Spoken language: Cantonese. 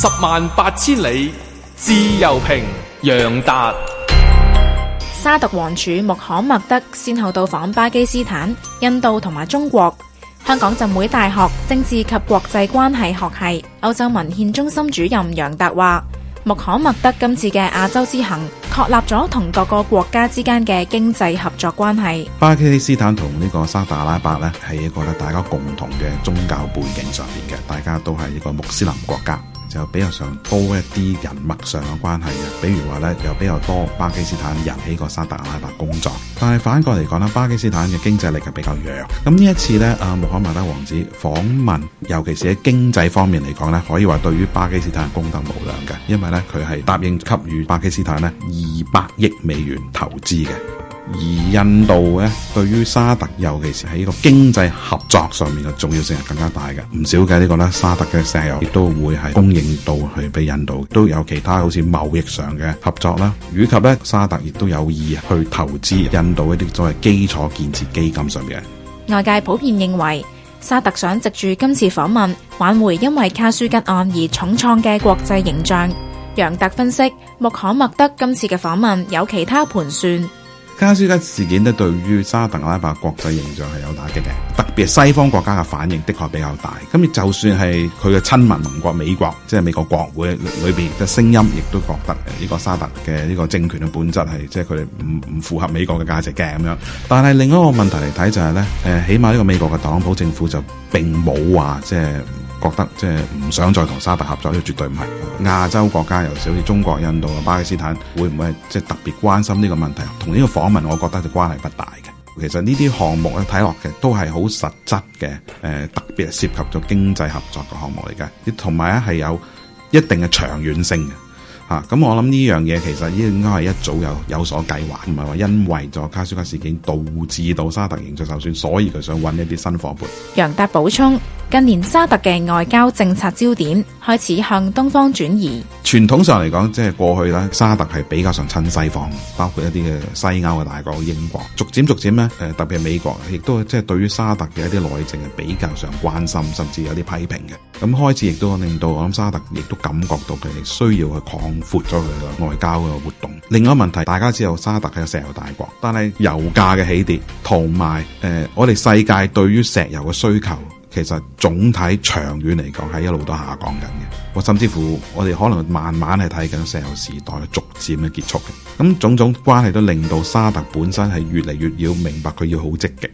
十萬八千里，自由評，楊達，沙特王儲穆罕默德先後到訪巴基斯坦、印度同埋中國。香港浸會大學政治及國際關係學系歐洲文獻中心主任楊達話，穆罕默德今次嘅亞洲之行確立咗同各個國家之間嘅經濟合作關係。巴基斯坦同呢個沙特阿拉伯呢，係一個大家共同嘅宗教背景上面嘅，大家都係一個穆斯林國家。就比較上多一啲人脈上嘅關係嘅，比如話咧，又比較多巴基斯坦人喺個沙特阿拉伯工作。但係反過嚟講咧，巴基斯坦嘅經濟力係比較弱。咁呢一次咧，阿穆罕默德王子訪問，尤其是喺經濟方面嚟講咧，可以話對於巴基斯坦功德無量嘅，因為咧佢係答應給予巴基斯坦咧二百億美元投資嘅。而印度咧，對於沙特，尤其是喺呢個經濟合作上面嘅重要性，係更加大嘅。唔少嘅呢個咧，沙特嘅石油亦都會係供應到去俾印度，都有其他好似貿易上嘅合作啦，以及咧，沙特亦都有意去投資印度一啲作為基礎建設基金上面。外界普遍認為沙特想藉住今次訪問挽回因為卡舒吉案而重創嘅國際形象。楊達分析，穆罕默德今次嘅訪問有其他盤算。加斯加事件咧，對於沙特阿拉伯國際形象係有打擊嘅，特別西方國家嘅反應，的確比較大。咁就算係佢嘅親密盟國美國，即係美國國會裏邊嘅聲音，亦都覺得呢個沙特嘅呢個政權嘅本質係，即係佢唔唔符合美國嘅價值嘅咁樣。但係另一個問題嚟睇就係咧，誒，起碼呢個美國嘅特朗普政府就並冇話即係。就是覺得即係唔想再同沙特合作，呢個絕對唔係。亞洲國家，尤其是中國、印度啊、巴基斯坦，會唔會即係特別關心呢個問題？同呢個訪問，我覺得就關係不大嘅。其實呢啲項目咧睇落嘅都係好實質嘅，誒，特別係涉及咗經濟合作嘅項目嚟嘅，同埋咧係有一定嘅長遠性嘅。嚇！咁、嗯、我諗呢樣嘢其實應該係一早有有所計劃，唔係話因為咗卡舒卡事件導致到沙特形象受損，所以佢想揾一啲新夥伴。楊達補充：近年沙特嘅外交政策焦點開始向東方轉移。傳統上嚟講，即係過去啦，沙特係比較上親西方，包括一啲嘅西歐嘅大國，英國逐漸逐漸咧，誒、呃、特別係美國，亦都即係對於沙特嘅一啲內政係比較上關心，甚至有啲批評嘅。咁開始亦都令到我諗沙特亦都感覺到佢哋需要去擴闊咗佢嘅外交嘅活動。另外一個問題，大家知道沙特係個石油大國，但係油價嘅起跌同埋誒我哋世界對於石油嘅需求。其實總體長遠嚟講，係一路都下降緊嘅。我甚至乎，我哋可能慢慢係睇緊石油時代逐漸嘅結束嘅。咁種種關係都令到沙特本身係越嚟越要明白佢要好積極。